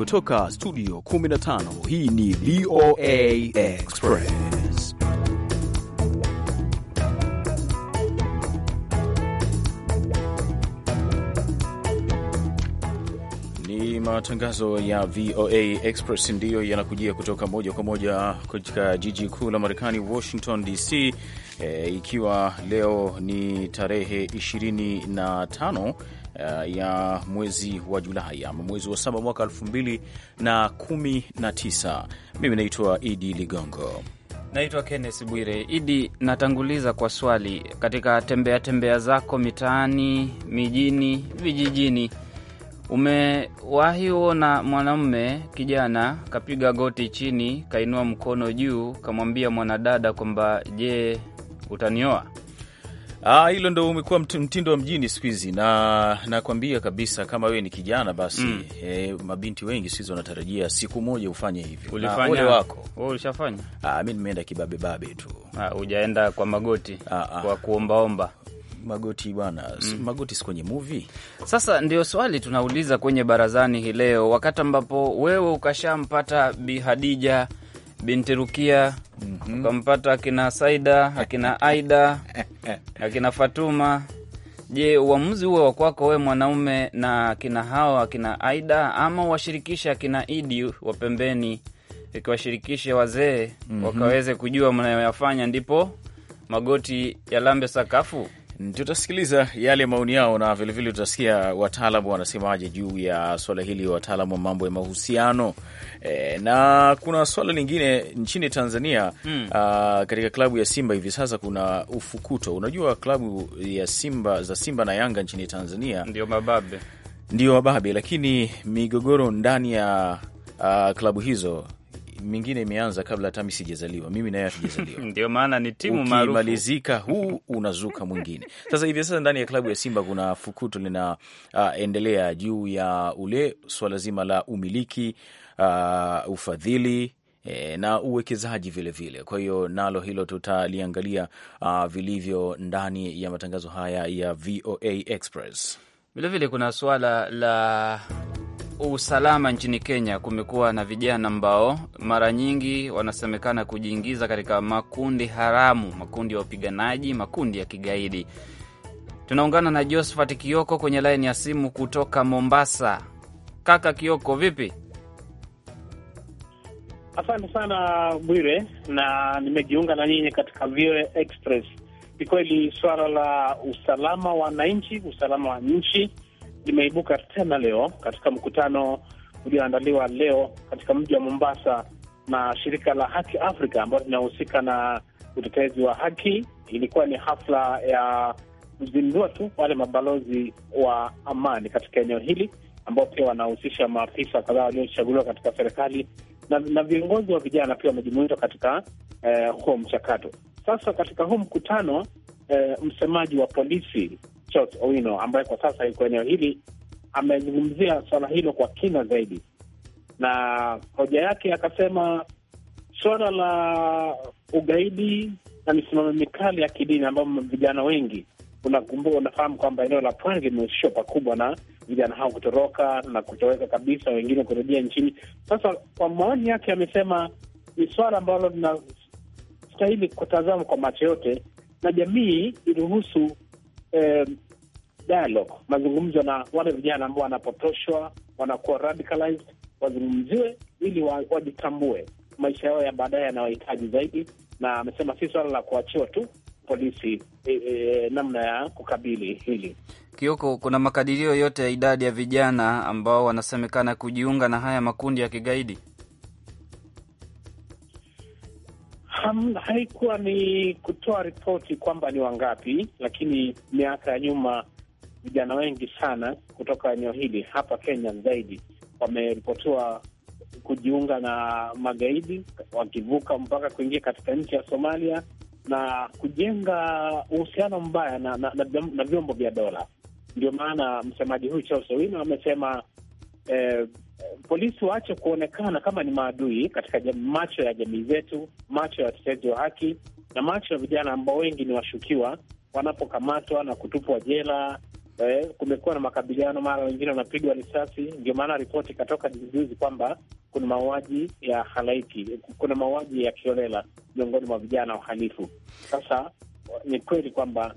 kutoka studio 15 hii ni VOA Express ni matangazo ya VOA Express ndiyo yanakujia kutoka moja kwa moja katika jiji kuu la Marekani Washington DC e, eh, ikiwa leo ni tarehe 25 uh, ya mwezi wa Julai ama mwezi wa saba mwaka tisa. Mimi naitwa Idi Ligongo. Naitwa kennes Bwire. Idi, natanguliza kwa swali, katika tembea tembea zako mitaani, mijini, vijijini, umewahi uona mwanamume kijana kapiga goti chini, kainua mkono juu, kamwambia mwanadada kwamba je, utanioa? Ah, hilo ndo umekuwa mtindo wa mjini siku hizi, na nakwambia kabisa kama wewe ni kijana basi mm. E, mabinti wengi sizo wanatarajia siku moja ufanye hivi. Ule wako wewe, ulishafanya? Ah, mimi nimeenda kibabe babe tu. Ah, hujaenda kwa magoti ah, ah. kwa kuombaomba magoti bwana, mm. magoti si kwenye movie. Sasa ndio swali tunauliza kwenye barazani hii leo, wakati ambapo wewe ukashampata Bi Hadija binti Rukia mm -hmm. ukampata akina Saida akina Aida akina Fatuma. Je, uamuzi huo wa kwako wewe mwanaume na akina hao akina Aida, ama washirikishe akina Idi wa pembeni, ikiwashirikishe wazee mm -hmm. wakaweze kujua mnayoyafanya, ndipo magoti yalambe sakafu. Tutasikiliza yale maoni yao na vilevile tutasikia wataalamu wanasemaje juu ya swala hili, wataalamu wa mambo ya mahusiano e, na kuna swala lingine nchini Tanzania mm. a, katika klabu ya Simba hivi sasa kuna ufukuto. Unajua klabu ya Simba za Simba na Yanga nchini Tanzania ndio mababe, ndio mababe, lakini migogoro ndani ya a, klabu hizo mingine imeanza kabla hata mi sijazaliwa, mimi naye hatujazaliwa ndio maana ni timu maarufu. Ukimalizika huu unazuka mwingine. Sasa hivi sasa ndani ya klabu ya Simba kuna fukuto linaendelea ah, uh, juu ya ule swala zima la umiliki uh, ufadhili E, na uwekezaji vilevile. Kwa hiyo nalo hilo tutaliangalia uh, vilivyo ndani ya matangazo haya ya VOA Express. Vilevile kuna suala la usalama nchini Kenya kumekuwa na vijana ambao mara nyingi wanasemekana kujiingiza katika makundi haramu, makundi ya wapiganaji, makundi ya kigaidi. Tunaungana na Josephat Kioko kwenye laini ya simu kutoka Mombasa. Kaka Kioko, vipi? Asante sana Bwire, na nimejiunga na nyinyi katika VOA Express. Ni kweli suala la usalama wa wananchi, usalama wa nchi limeibuka tena leo katika mkutano ulioandaliwa leo katika mji wa Mombasa na shirika la Haki Afrika ambalo linahusika na utetezi wa haki. Ilikuwa ni hafla ya kuzindua tu wale mabalozi wa amani katika eneo hili ambao pia wanahusisha maafisa kadhaa waliochaguliwa katika serikali na, na viongozi wa vijana pia wamejumuishwa katika eh, huo mchakato. Sasa katika huu mkutano eh, msemaji wa polisi Chot Owino ambaye kwa sasa yuko eneo hili amezungumzia swala hilo kwa kina zaidi, na hoja yake akasema swala la ugaidi na misimamo mikali ya kidini ambayo vijana wengi unakumbuka, unafahamu kwamba eneo la pwani limehusishwa pakubwa na vijana hao kutoroka na kutoweka kabisa, wengine kurejea nchini. Sasa kwa maoni yake, amesema ni swala ambalo linastahili kutazama kwa macho yote, na jamii iruhusu eh, dialogue, mazungumzo na wale vijana ambao wanapotoshwa, wanakuwa radicalized, wazungumziwe ili wajitambue maisha yao ya baadaye yanawahitaji zaidi. Na amesema si suala la kuachiwa tu polisi e, e, namna ya kukabili hili. Kioko, kuna makadirio yote ya idadi ya vijana ambao wanasemekana kujiunga na haya makundi ya kigaidi? Um, haikuwa ni kutoa ripoti kwamba ni wangapi, lakini miaka ya nyuma vijana wengi sana kutoka eneo hili hapa Kenya zaidi wameripotiwa kujiunga na magaidi wakivuka mpaka kuingia katika nchi ya Somalia na kujenga uhusiano mbaya na, na, na, na vyombo vya dola. Ndio maana msemaji huyu Charles Owino amesema eh, polisi waache kuonekana kama ni maadui katika macho ya jamii zetu, macho ya watetezi wa haki na macho ya vijana ambao wengi ni washukiwa wanapokamatwa na kutupwa jela. Eh, kumekuwa na makabiliano, mara wengine wanapigwa risasi. Ndio maana ripoti ikatoka juzijuzi kwamba kuna mauaji ya halaiki, kuna mauaji ya kiolela miongoni mwa vijana wahalifu. Sasa ni kweli kwamba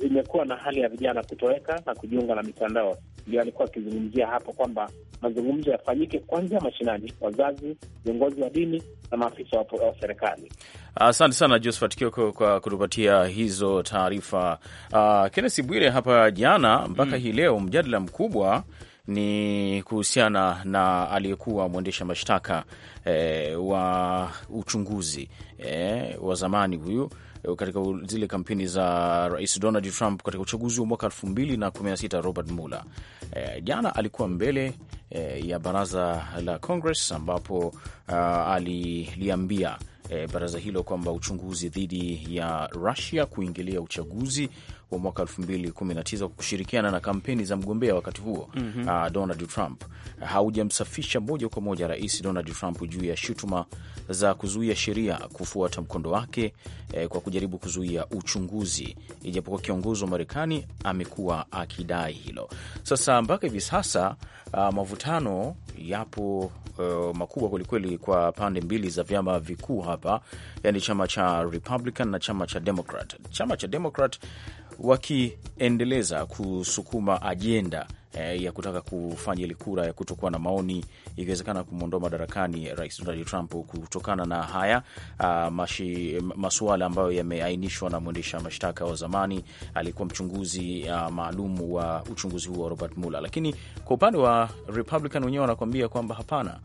imekuwa na hali ya vijana kutoweka na kujiunga na mitandao ndio alikuwa akizungumzia hapo kwamba mazungumzo yafanyike kuanzia mashinani, wazazi, viongozi wa dini na maafisa wa serikali. Asante uh, sana Josephat Kioko kwa kutupatia hizo taarifa. Uh, ah, Kennesi Bwire hapa jana mpaka mm, hii leo mjadala mkubwa ni kuhusiana na aliyekuwa mwendesha mashtaka eh, wa uchunguzi eh, wa zamani huyu Eh, katika zile kampeni za Rais Donald Trump katika uchaguzi wa mwaka 2016 Robert Mueller e, jana alikuwa mbele e, ya baraza la Congress ambapo ah, aliliambia e, baraza hilo kwamba uchunguzi dhidi ya Russia kuingilia uchaguzi wa mwaka 2019 kwa kushirikiana na kampeni za mgombea wakati huo mm -hmm. uh, Donald Trump haujamsafisha moja kwa moja Rais Donald Trump juu ya shutuma za kuzuia sheria kufuata mkondo wake eh, kwa kujaribu kuzuia uchunguzi, ijapokuwa kiongozi wa Marekani amekuwa akidai hilo. Sasa mpaka hivi sasa uh, mavutano yapo uh, makubwa kwelikweli kwa pande mbili za vyama vikuu hapa, yani chama cha Republican na chama cha Democrat. Chama cha Democrat wakiendeleza kusukuma ajenda eh, ya kutaka kufanya ile kura ya kutokuwa na maoni, ikiwezekana kumwondoa madarakani Rais Donald Trump kutokana na haya uh, mashi, masuala ambayo yameainishwa na mwendesha mashtaka wa zamani alikuwa mchunguzi uh, maalum wa uchunguzi huu wa Robert Mueller. Lakini kwa upande wa Republican wenyewe wanakuambia kwamba hapana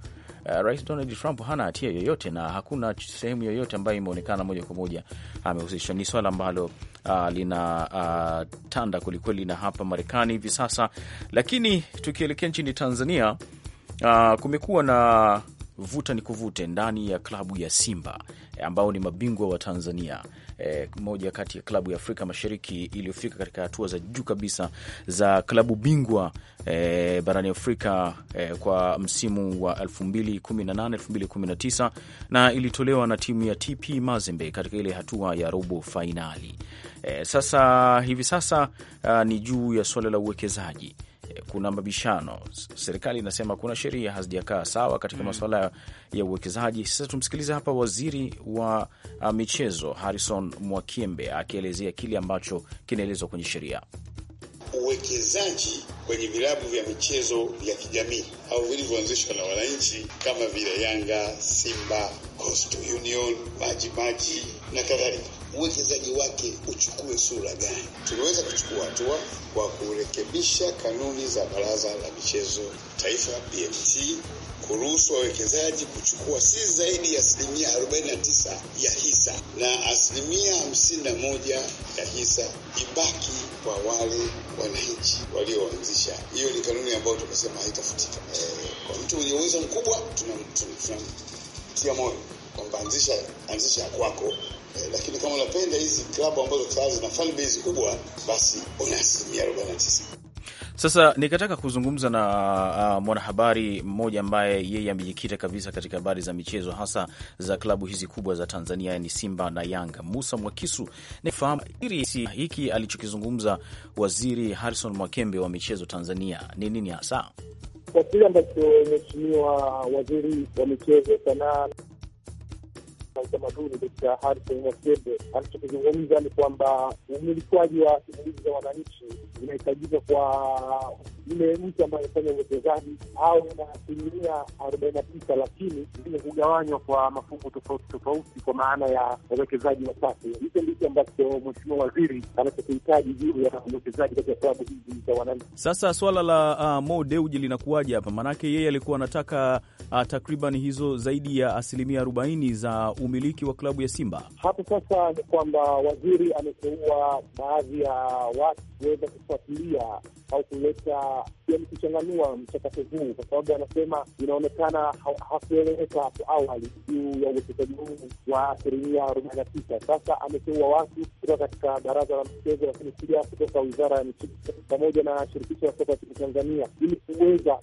Eh, Rais Donald Trump hana hatia yoyote na hakuna sehemu yoyote ambayo imeonekana moja kwa moja amehusishwa. Ni swala ambalo uh, lina uh, tanda kwelikweli na hapa Marekani hivi sasa, lakini tukielekea nchini Tanzania uh, kumekuwa na vuta ni kuvute ndani ya klabu ya Simba eh, ambao ni mabingwa wa Tanzania eh, moja kati ya klabu ya Afrika Mashariki iliyofika katika hatua za juu kabisa za klabu bingwa eh, barani Afrika eh, kwa msimu wa 2018 2019 na ilitolewa na timu ya TP Mazembe katika ile hatua ya robo fainali. Eh, sasa hivi sasa ah, ni juu ya suala la uwekezaji kuna mabishano, serikali inasema kuna sheria hazijakaa sawa katika mm, masuala ya uwekezaji. Sasa tumsikilize hapa waziri wa uh, michezo Harrison Mwakyembe akielezea kile ambacho kinaelezwa kwenye sheria. Uwekezaji kwenye vilabu vya michezo vya kijamii au vilivyoanzishwa na wananchi kama vile Yanga, Simba, Coast Union, maji na kadhalika uwekezaji wake uchukue sura gani. Tumeweza kuchukua hatua kwa kurekebisha kanuni za Baraza la Michezo Taifa BMT kuruhusu wawekezaji kuchukua si zaidi ya asilimia 49 ya hisa na asilimia 51 ya hisa ibaki kwa wale wananchi walioanzisha. Hiyo ni kanuni ambayo tumesema haitafutika. E, kwa mtu mwenye uwezo mkubwa tunamtia moyo kwamba anzisha anzisha kwako lakini kama unapenda hizi klabu ambazo tayari zina kubwa, basi una asilimia tisa. Sasa nikataka kuzungumza na uh, uh, mwanahabari mmoja ambaye yeye amejikita kabisa katika habari za michezo hasa za klabu hizi kubwa za Tanzania, yani Simba na Yanga, Musa Mwakisu. Nifahamu hiki alichokizungumza waziri Harrison Mwakembe wa michezo Tanzania ni nini hasa kwa kile ambacho mheshimiwa waziri wa michezo, sanaa na utamaduni Dr. Harrison Mwakyembe alichokizungumza ni kwamba umilikwaji wa simulizi za wananchi inahitajika kwa yule mtu ambaye amefanya uwekezaji au na asilimia arobaini na tisa, lakini vile kugawanywa kwa mafungu tofauti tofauti kwa maana ya uwekezaji wa tatu Hicho ndicho ambacho mheshimiwa waziri anachokihitaji juu ya uwekezaji katika klabu hizi za wananchi. Sasa swala la uh, Mo Dewji linakuwaje hapa? Maanake yeye alikuwa anataka uh, takriban hizo zaidi ya asilimia arobaini za um umiliki wa klabu ya Simba. Hapo sasa ni kwamba waziri ameteua baadhi ya watu kuweza kufuatilia au kuleta yani, kuchanganua mchakato huu, kwa sababu anasema inaonekana hakueleweka hapo awali juu ya uwekezaji huu wa asilimia arobaini na tisa. Sasa ameteua watu kutoka katika baraza la michezo, lakini pia kutoka wizara ya michezo pamoja na shirikisho la soka nchini Tanzania ili kuweza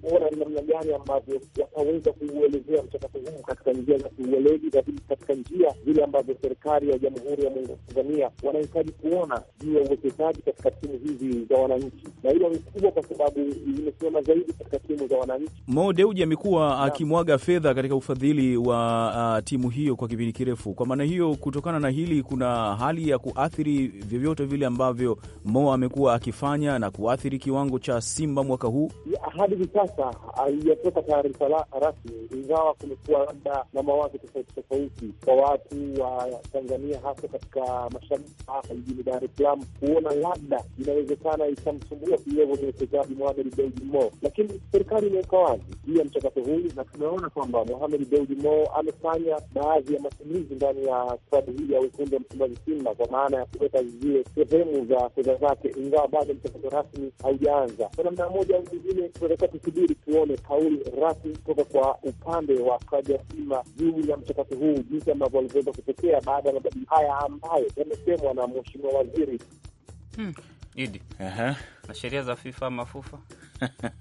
kuona ni namna gani ambavyo wataweza kuuelezea mchakato huu katika njia za kiueledi vilevile katika njia vile ambazo serikali ya Jamhuri ya Muungano wa Tanzania wanahitaji kuona juu ya uwekezaji katika timu hizi za wananchi, na hilo ni kubwa kwa sababu imesimama zaidi katika timu za wananchi. Mo deuji amekuwa akimwaga fedha katika ufadhili wa uh, timu hiyo kwa kipindi kirefu. Kwa maana hiyo, kutokana na hili, kuna hali ya kuathiri vyovyote vile ambavyo Mo amekuwa akifanya na kuathiri kiwango cha Simba mwaka huu. Hadi hivi sasa haijatoka taarifa rasmi, ingawa kumekuwa labda na mawazo tofauti tofauti kwa watu wa Tanzania, hasa katika mashariki hapa jijini Dar es Salaam, kuona labda inawezekana itamsumbua kiwevo mwekezaji mchezaji Mohamed Deuji Mo, lakini serikali imeweka wazi juu ya mchakato huu, na tumeona kwamba Mohamed Deuji Mo amefanya baadhi ya matumizi ndani ya klabu hii ya wekundu wa Msimbazi, Simba, kwa maana ya kuweka zile sehemu za fedha zake, ingawa bado mchakato rasmi haujaanza. Kwa namna moja au nyingine, tunatakiwa tusubiri tuone kauli rasmi kutoka kwa upande wa klabu ya Simba juu ya mchakato wakati huu jinsi ambavyo walivyoweza kutokea baada ya mabadiliko haya ambayo yamesemwa na mheshimiwa waziri hmm. Idi uh -huh. na sheria za FIFA mafufa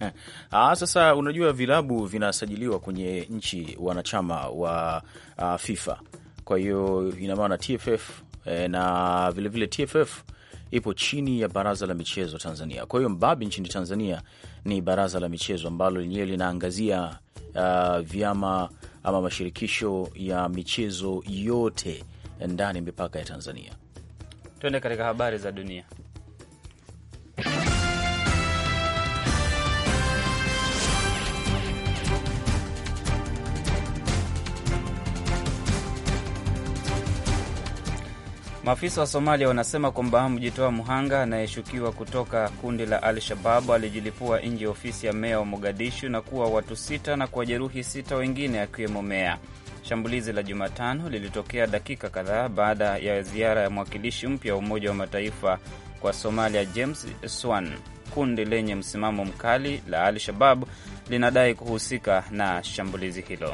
Ah, sasa unajua vilabu vinasajiliwa kwenye nchi wanachama wa uh, FIFA, kwa hiyo ina maana TFF eh, na vilevile vile TFF ipo chini ya baraza la michezo Tanzania. Kwa hiyo mbabi nchini Tanzania ni baraza la michezo ambalo lenyewe linaangazia uh, vyama ama mashirikisho ya michezo yote ndani ya mipaka ya Tanzania. Tuende katika habari za dunia. Maafisa wa Somalia wanasema kwamba mjitoa mhanga anayeshukiwa kutoka kundi la Al-Shabab alijilipua nje ya ofisi ya meya wa Mogadishu na kuwa watu sita na kuwajeruhi sita wengine akiwemo meya. Shambulizi la Jumatano lilitokea dakika kadhaa baada ya ziara ya mwakilishi mpya wa Umoja wa Mataifa kwa Somalia, James Swan. Kundi lenye msimamo mkali la Al-Shabab linadai kuhusika na shambulizi hilo.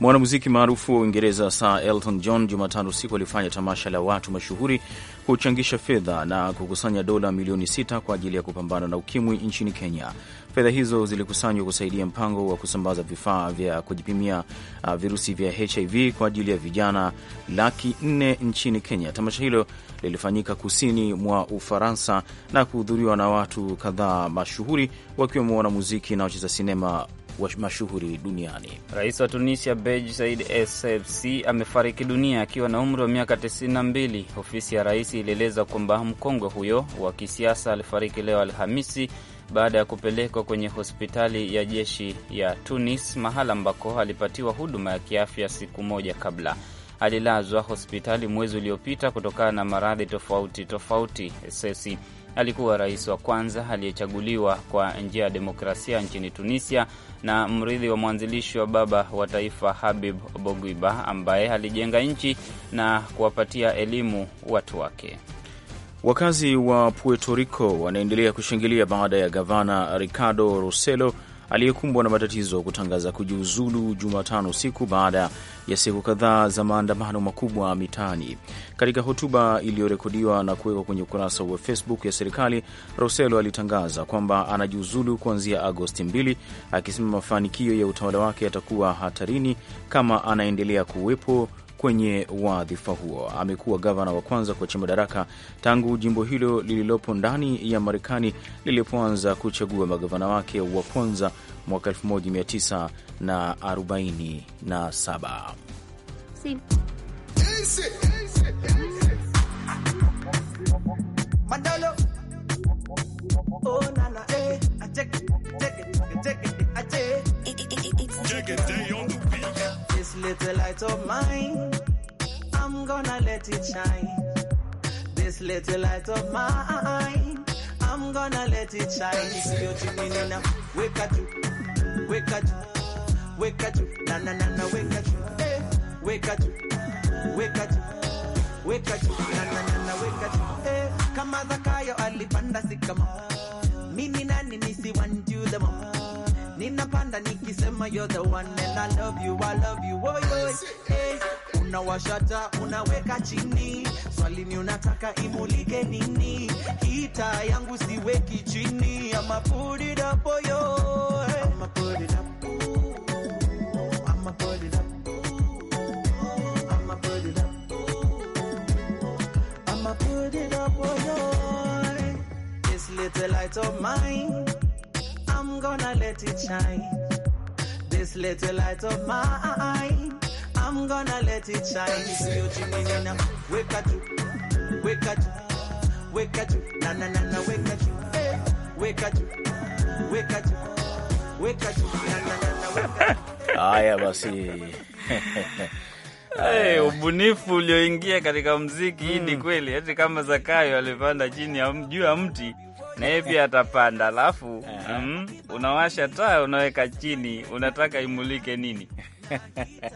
Mwanamuziki maarufu wa Uingereza Sir Elton John Jumatano usiku alifanya tamasha la watu mashuhuri kuchangisha fedha na kukusanya dola milioni sita kwa ajili ya kupambana na ukimwi nchini Kenya. Fedha hizo zilikusanywa kusaidia mpango wa kusambaza vifaa vya kujipimia uh, virusi vya HIV kwa ajili ya vijana laki nne nchini Kenya. Tamasha hilo lilifanyika kusini mwa Ufaransa na kuhudhuriwa na watu kadhaa mashuhuri wakiwemo wanamuziki na wacheza sinema mashuhuri duniani. Rais wa Tunisia Beji Said SFC amefariki dunia akiwa na umri wa miaka 92. Ofisi ya rais ilieleza kwamba mkongwe huyo wa kisiasa alifariki leo Alhamisi baada ya kupelekwa kwenye hospitali ya jeshi ya Tunis, mahala ambako alipatiwa huduma ya kiafya siku moja kabla. Alilazwa hospitali mwezi uliopita kutokana na maradhi tofauti tofauti. Essebsi alikuwa rais wa kwanza aliyechaguliwa kwa njia ya demokrasia nchini Tunisia na mrithi wa mwanzilishi wa baba wa taifa Habib Bourguiba ambaye alijenga nchi na kuwapatia elimu watu wake. Wakazi wa Puerto Rico wanaendelea kushangilia baada ya gavana Ricardo Rossello aliyekumbwa na matatizo kutangaza kujiuzulu Jumatano siku baada ya siku kadhaa za maandamano makubwa mitaani. Katika hotuba iliyorekodiwa na kuwekwa kwenye ukurasa wa Facebook ya serikali, Roselo alitangaza kwamba anajiuzulu kuanzia Agosti mbili, akisema mafanikio ya utawala wake yatakuwa hatarini kama anaendelea kuwepo kwenye wadhifa huo. Amekuwa gavana wa kwanza kuachia madaraka tangu jimbo hilo lililopo ndani ya Marekani lilipoanza kuchagua magavana wake wa kwanza mwaka 1947. This little light of mine, I'm gonna let it shine. This little light of mine, I'm gonna let it shine. It's beauty meaning Wake at you, wake at you, wake at you, na na na na, wake at you, hey, wake at you, wake at you, wake at you, na na na na, wake at you, hey. Kama Zakayo alipanda kama mimi nani ni ninapanda nikisema you're the one and I love you, I love you, oh, eh, yo, hey. Unawashata, unaweka chini, swali ni unataka imulike nini? Kita yangu siweki chini, ama put it up, oh, yo, hey. Ama put it up, little light of mine gonna let it shine. This little light of mine, I'm gonna let it shine. wake up, wake up, wake up, na na na na, wake up, you, hey. wake up, wake up, wake up, na na na na, wake up. you. Haya basi. Hey, ubunifu ulioingia katika mziki mm. Hii ni hmm. kweli, hata kama Zakayo alipanda chini ya juu ya mti na pia atapanda, alafu mm, unawasha taa, unaweka chini, unataka imulike nini?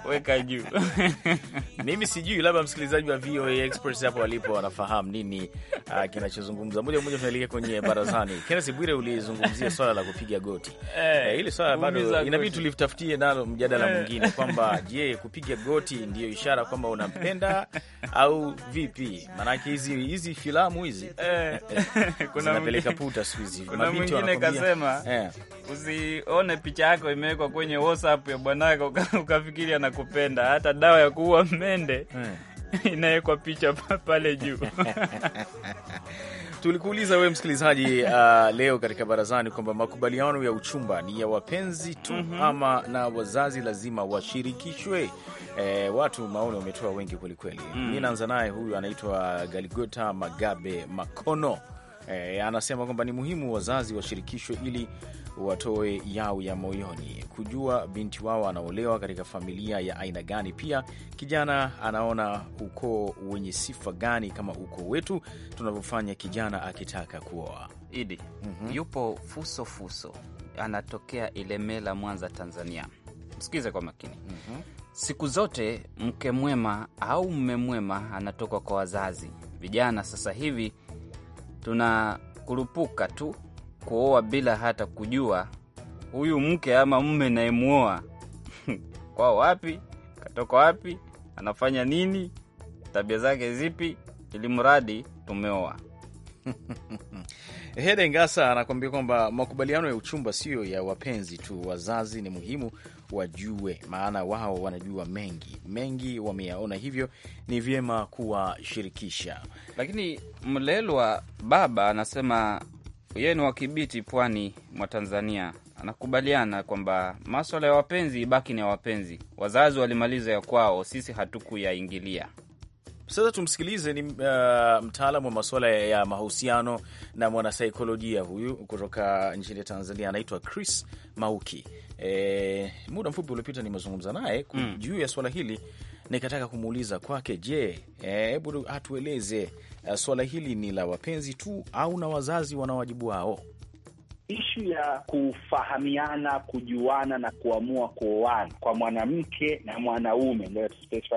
weka juu mimi sijui, labda msikilizaji wa VOA Express hapo walipo wanafahamu nini uh, kinachozungumza. Moja moja tunaelekea kwenye barazani. Kenesi Bwire, ulizungumzia swala la kupiga goti hey, eh, eh, ile swala bado inabidi tulitafutie nalo mjadala hey, eh. mwingine kwamba je, kupiga goti ndiyo ishara kwamba unampenda au vipi? Maanake hizi hizi filamu hizi hey, zinapeleka puta siku hizi usione picha yako imewekwa kwenye WhatsApp ya bwanako ukafikiri anakupenda. Hata dawa ya kuua mende eh. inawekwa picha pale juu. Tulikuuliza wewe msikilizaji, uh, leo katika barazani kwamba makubaliano ya uchumba ni ya wapenzi tu mm -hmm. ama na wazazi lazima washirikishwe. Eh, watu maoni wametoa wengi kwelikweli. Mm. Mi mm. naanza naye huyu anaitwa Galigota Magabe Makono E, anasema kwamba ni muhimu wazazi washirikishwe ili watoe yao ya moyoni kujua binti wao anaolewa katika familia ya aina gani. Pia kijana anaona ukoo wenye sifa gani kama ukoo wetu tunavyofanya kijana akitaka kuoa. Idi mm -hmm. yupo fuso fuso, anatokea Ilemela, Mwanza, Tanzania. Msikize kwa makini mm -hmm. siku zote mke mwema au mme mwema anatoka kwa wazazi. Vijana sasa hivi tunakurupuka tu kuoa bila hata kujua huyu mke ama mme nayemwoa kwa wapi katoka wapi, anafanya nini, tabia zake zipi, ili mradi tumeoa. Hede Ngasa anakuambia kwamba makubaliano ya uchumba sio ya wapenzi tu, wazazi ni muhimu wajue, maana wao wanajua mengi mengi, wameyaona, hivyo ni vyema kuwashirikisha. Lakini Mlelwa Baba anasema yeye ni wakibiti pwani mwa Tanzania, anakubaliana kwamba maswala ya wapenzi ibaki ni ya wapenzi. Wazazi walimaliza ya kwao, sisi hatukuyaingilia. Sasa tumsikilize, ni uh, mtaalamu wa masuala ya mahusiano na mwanasaikolojia huyu kutoka nchini Tanzania, anaitwa Chris Mauki. E, muda mfupi uliopita nimezungumza naye mm, juu ya swala hili nikataka kumuuliza kwake, je, hebu atueleze uh, swala hili ni la wapenzi tu au na wazazi wana wajibu wao? ishu ya kufahamiana, kujuana na kuamua kuoana kwa mwanamke na mwanaume,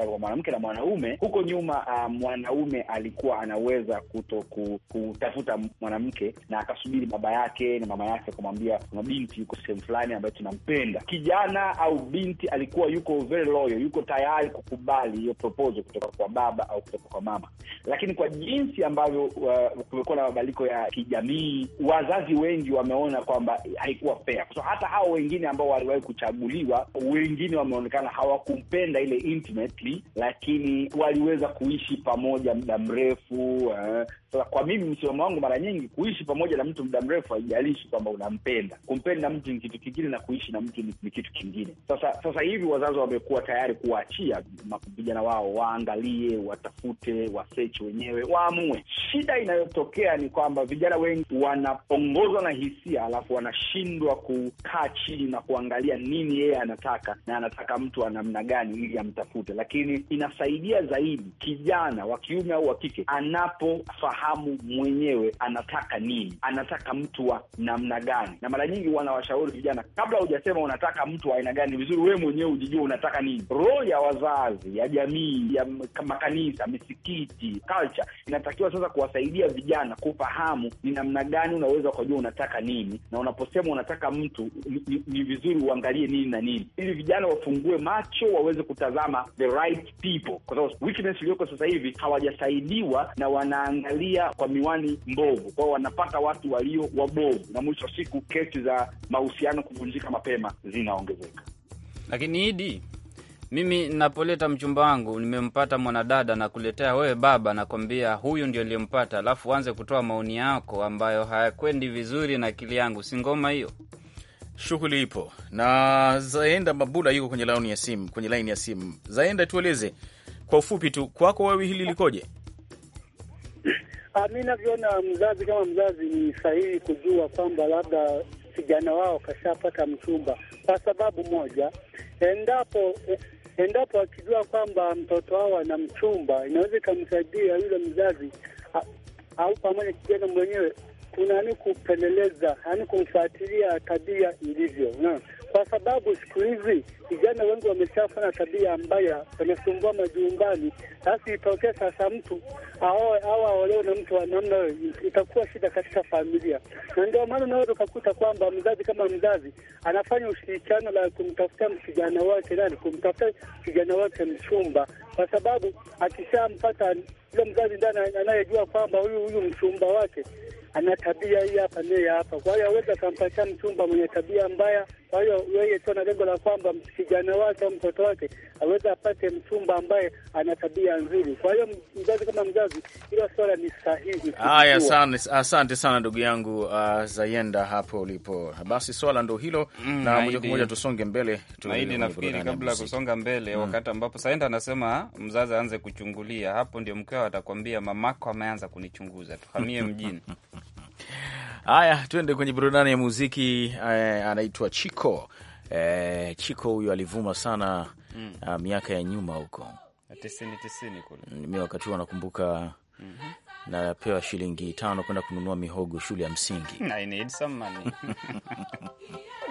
kwa mwanamke na mwanaume. Huko nyuma uh, mwanaume alikuwa anaweza kuto kutafuta mwanamke na akasubiri baba yake na mama yake akamwambia kuna binti yuko sehemu fulani ambayo tunampenda. Kijana au binti alikuwa yuko very loyal, yuko tayari kukubali hiyo proposal kutoka kwa baba au kutoka kwa mama, lakini kwa jinsi ambavyo uh, kumekuwa na mabadiliko ya kijamii, wazazi wengi wame wanaona kwamba haikuwa fair, So hata hao wengine ambao waliwahi kuchaguliwa, wengine wameonekana hawakumpenda ile intimately, lakini waliweza kuishi pamoja muda mrefu eh, sasa kwa mimi, msimamo wangu mara nyingi, kuishi pamoja na mtu muda mrefu haijalishi kwamba unampenda. Kumpenda mtu ni kitu kingine na kuishi na mtu ni kitu kingine. Sasa sasa hivi wazazi wamekuwa tayari kuwaachia vijana wao waangalie, watafute, wasechi wenyewe, waamue. Shida inayotokea ni kwamba vijana wengi wanapongozwa na hisia, alafu wanashindwa kukaa chini na kuangalia nini yeye anataka na anataka mtu wa namna gani ili amtafute. Lakini inasaidia zaidi kijana wa kiume au wa kike anapo anafahamu mwenyewe anataka nini, anataka mtu wa namna gani. Na mara nyingi wanawashauri vijana, kabla hujasema unataka mtu wa aina gani, vizuri wewe mwenyewe ujijua unataka nini. Roho ya wazazi, ya jamii, ya makanisa, misikiti, culture inatakiwa sasa kuwasaidia vijana kufahamu ni namna gani unaweza ukajua unataka nini, na unaposema unataka mtu ni, ni vizuri uangalie nini na nini, ili vijana wafungue macho waweze kutazama the right people, kwa sababu weakness iliyoko sasa hivi hawajasaidiwa na wanaangalia kuangalia kwa miwani mbovu kwao, wanapata watu walio wabovu, na mwisho wa siku kesi za mahusiano kuvunjika mapema zinaongezeka. Lakini Idi, mimi napoleta mchumba wangu nimempata mwanadada na kuletea wewe baba, nakwambia huyu ndio aliyempata, alafu uanze kutoa maoni yako ambayo hayakwendi vizuri na akili yangu, si ngoma hiyo? Shughuli ipo na Zaenda Mabula yuko kwenye laini ya simu, kwenye laini ya simu. Zaenda, tueleze kwa ufupi tu kwako wewe hili likoje? Ah, mi navyoona, mzazi kama mzazi ni sahihi kujua kwamba labda kijana wao kashapata mchumba, kwa sababu moja, endapo endapo akijua kwamba mtoto wao ana mchumba, inaweza ikamsaidia yule mzazi au pamoja kijana mwenyewe kunani kupeleleza, yani kumfuatilia tabia ilivyo, unaona kwa sababu siku hizi vijana wengi wameshafanya tabia mbaya, wanasumbua majumbani. Basi itokee sasa mtu aoe au aolewe na mtu wa namna hiyo, itakuwa shida katika familia, na ndio maana unaweza ukakuta kwamba mzazi kama mzazi anafanya ushirikiano la kumtafutia kijana wake nani, kumtafuta kijana wake mchumba, kwa sababu akishampata yule mzazi ndiye anayejua kwamba huyu huyu mchumba wake ana tabia hii hapa naye hapa, kwa hiyo aweza akampatia mchumba mwenye tabia mbaya kwa hiyo yeye tu na lengo la kwamba kijana wake au mtoto wake aweze apate mchumba ambaye ana tabia nzuri. Kwa hiyo mzazi kama mzazi, hilo swala ni sahihi. Haya, asante sana ndugu yangu uh, Zayenda hapo ulipo. Basi swala ndo hilo mm, na moja kwa moja tusonge mbele tu. Nafikiri kabla ya kusonga mbele mm, wakati ambapo Zayenda anasema mzazi aanze kuchungulia, hapo ndio mkeo atakwambia mamako ameanza kunichunguza, tuhamie mjini Haya, tuende kwenye burudani ya muziki. Eh, anaitwa Chiko. Eh, Chiko huyu alivuma sana mm. uh, miaka ya nyuma huko tisini tisini kule, mi wakati huo nakumbuka mm -hmm. napewa shilingi tano kwenda kununua mihogo shule ya msingi I need some money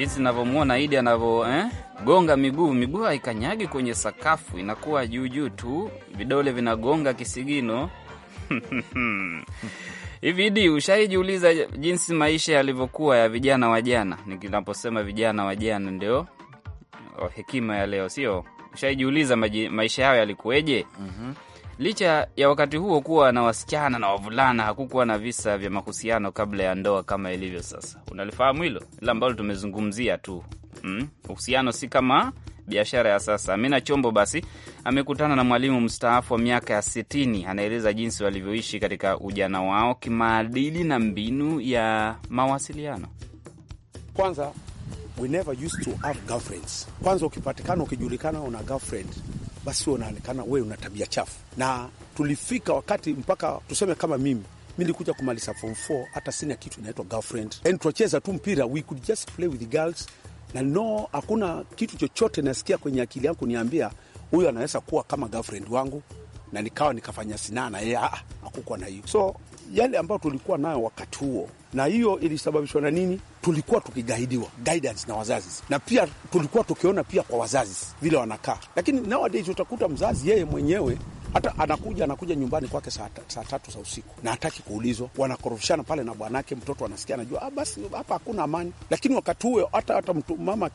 jinsi navyomuona Idi anavyo eh, gonga miguu, miguu haikanyagi kwenye sakafu, inakuwa juu juu tu, vidole vinagonga kisigino hivi. Idi, ushaijiuliza jinsi maisha yalivyokuwa ya vijana wa jana? vijana wa jana, ndio hekima ya leo, sio? Ushaijiuliza maisha yao yalikuweje? mm -hmm. Licha ya wakati huo kuwa na wasichana na wavulana, hakukuwa na visa vya mahusiano kabla ya ndoa kama ilivyo sasa. Unalifahamu hilo ila ambalo tumezungumzia tu hmm? uhusiano, mm, si kama biashara ya sasa. Amina Chombo basi amekutana na mwalimu mstaafu wa miaka ya sitini, anaeleza jinsi walivyoishi katika ujana wao kimaadili na mbinu ya mawasiliano. Kwanza we never used to have girlfriends. Kwanza ukipatikana ukijulikana una girlfriend basi unaonekana wewe una tabia chafu. Na tulifika wakati mpaka tuseme kama mimi mi nilikuja kumaliza form 4 hata sina kitu inaitwa girlfriend, yani tunacheza tu mpira, we could just play with the girls na no, hakuna kitu chochote nasikia kwenye akili yangu niambia huyu anaweza kuwa kama girlfriend wangu, na nikawa nikafanya sinaa na yeye, ah, hakukuwa na hiyo. So yale ambayo tulikuwa nayo wakati huo, na hiyo ilisababishwa na nini? tulikuwa tukigaidiwa guidance na wazazi, na pia tulikuwa tukiona pia kwa wazazi vile wanakaa, lakini nowadays utakuta mzazi yeye mwenyewe hata anakuja anakuja nyumbani kwake saa, saa tatu za usiku na hataki kuulizwa. Wanakorofishana pale na bwanake, mtoto anasikia anajua, ah, basi hapa hakuna amani. Lakini wakati huo hata hata mtu mama,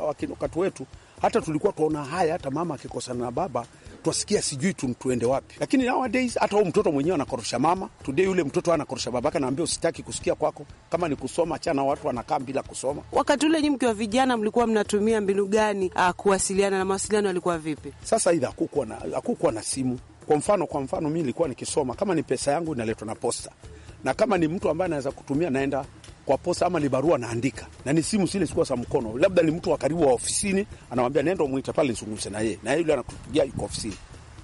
wakati wetu hata tulikuwa tuona haya, hata mama akikosana na baba twasikia sijui tu, tuende wapi. Lakini nowadays hata huyu mtoto mwenyewe anakorosha mama today, yule mtoto anakorosha babake, naambia usitaki kusikia kwako, kama ni kusoma chana, watu wanakaa bila kusoma. Wakati ule nyinyi mkiwa vijana mlikuwa mnatumia mbinu gani ah, kuwasiliana, na mawasiliano yalikuwa vipi? Sasa idha hakukuwa na, hakukuwa na simu. Kwa mfano, kwa mfano mimi nilikuwa nikisoma, kama ni pesa yangu inaletwa na posta, na kama ni mtu ambaye anaweza kutumia naenda kwa posa ama ni barua naandika, na ni simu zile sikuwa za mkono, labda ni mtu wa karibu wa ofisini, anamwambia nenda mwita pale nizungumze na yeye, na yule anakupigia yuko ofisini,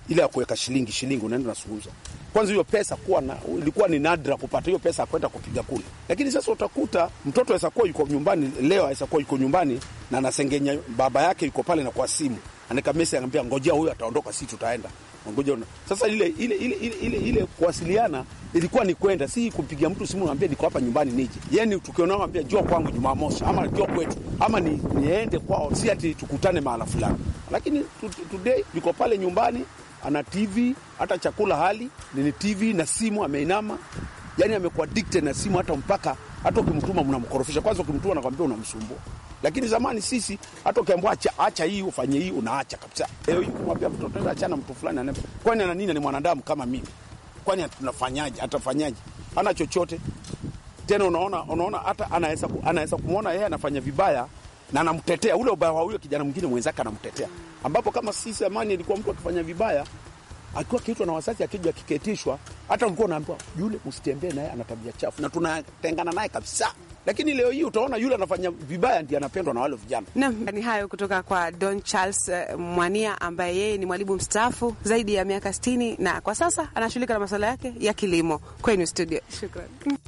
ile ya kuweka shilingi shilingi, unaenda unazungumza kwanza hiyo pesa kuwa na, ilikuwa ni nadra kupata hiyo pesa kwenda kupiga kule. lakini sasa utakuta mtoto aweza kuwa yuko nyumbani leo, aweza kuwa yuko nyumbani na anasengenya baba yake yuko pale na kwa simu anaweka anakamesi, anambia ngojea huyo ataondoka, si tutaenda ngoja. Sasa ile ile ile ile, ile ile kuwasiliana ilikuwa ni kwenda, si kumpigia mtu simu naambia niko hapa nyumbani nije. Yani tukionana naambia jua kwangu Jumamosi ama jua kwetu ama ni, niende kwao, si ati tukutane mahala fulani. Lakini today niko pale nyumbani, ana TV hata chakula hali ni TV na simu ameinama. yani amekuwa dikte na simu hata mpaka hata ukimtuma mnamkorofisha. Kwanza ukimtuma nakwambia unamsumbua. Lakini zamani sisi hata ukiambiwa acha, acha hii ufanye hii unaacha kabisa. Leo hii kumwambia acha na mtu fulani anaye, kwani ana nini? Ni mwanadamu kama mimi, kwani tunafanyaje? Atafanyaje? Ana chochote tena. Unaona, unaona hata anaweza anaweza kumwona yeye anafanya vibaya na anamtetea ule ubaya wa huyo kijana mwingine mwenzake, anamtetea ambapo kama sisi zamani ilikuwa mtu akifanya vibaya akiwa kiitwa na wazazi, akija akiketishwa, hata mkuwa unaambiwa yule usitembee naye, ana tabia chafu, na tunatengana naye kabisa lakini leo hii utaona yule anafanya vibaya ndiye anapendwa na wale vijana. Naam, ni hayo kutoka kwa Don Charles uh, Mwania ambaye yeye ni mwalimu mstaafu zaidi ya miaka 60 na kwa sasa anashughulika na masuala yake ya kilimo. Kwenu studio, shukrani.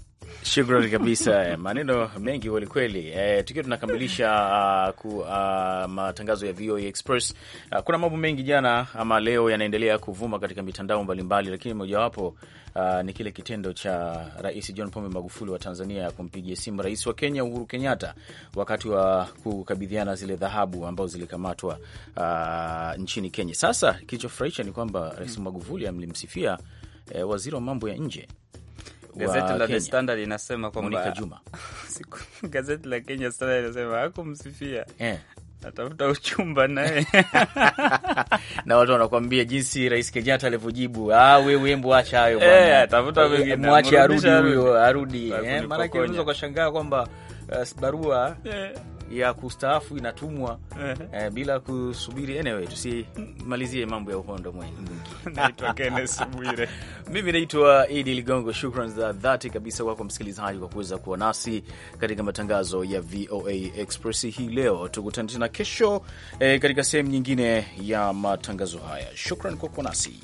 Shukrani kabisa, eh, maneno mengi kwelikweli. E, eh, tukiwa tunakamilisha uh, ku, uh, matangazo ya VOA Express. Uh, kuna mambo mengi jana ama leo yanaendelea kuvuma katika mitandao mbalimbali, lakini mojawapo uh, ni kile kitendo cha Rais John Pombe Magufuli wa Tanzania ya kumpigia simu rais wa Kenya Uhuru Kenyatta wakati wa kukabidhiana zile dhahabu ambazo zilikamatwa uh, nchini Kenya. Sasa kilichofurahisha ni kwamba Rais Magufuli amlimsifia uh, waziri wa mambo ya nje Gazeti la The Standard inasema kwamba Juma gazeti la Kenya Standard inasema hakumsifia yeah. Atafuta uchumba naye na watu wanakuambia jinsi Rais Kenyatta alivyojibu, ah, wewe acha hayo eh, bwana, atafuta wengine, eh, mwache arudi huyo, arudi. Eh, maanake unaweza ukashangaa kwamba barua yeah ya kustaafu inatumwa eh, bila kusubiri. Anyway, tusimalizie mambo ya uhondo mwingi. Naitwa Bwire, mimi naitwa Idi Ligongo. Shukran za dhati kabisa kwako msikilizaji kwa kuweza kuwa nasi katika matangazo ya VOA Express hii leo. Tukutane tena kesho eh, katika sehemu nyingine ya matangazo haya. Shukran kwa kuwa nasi.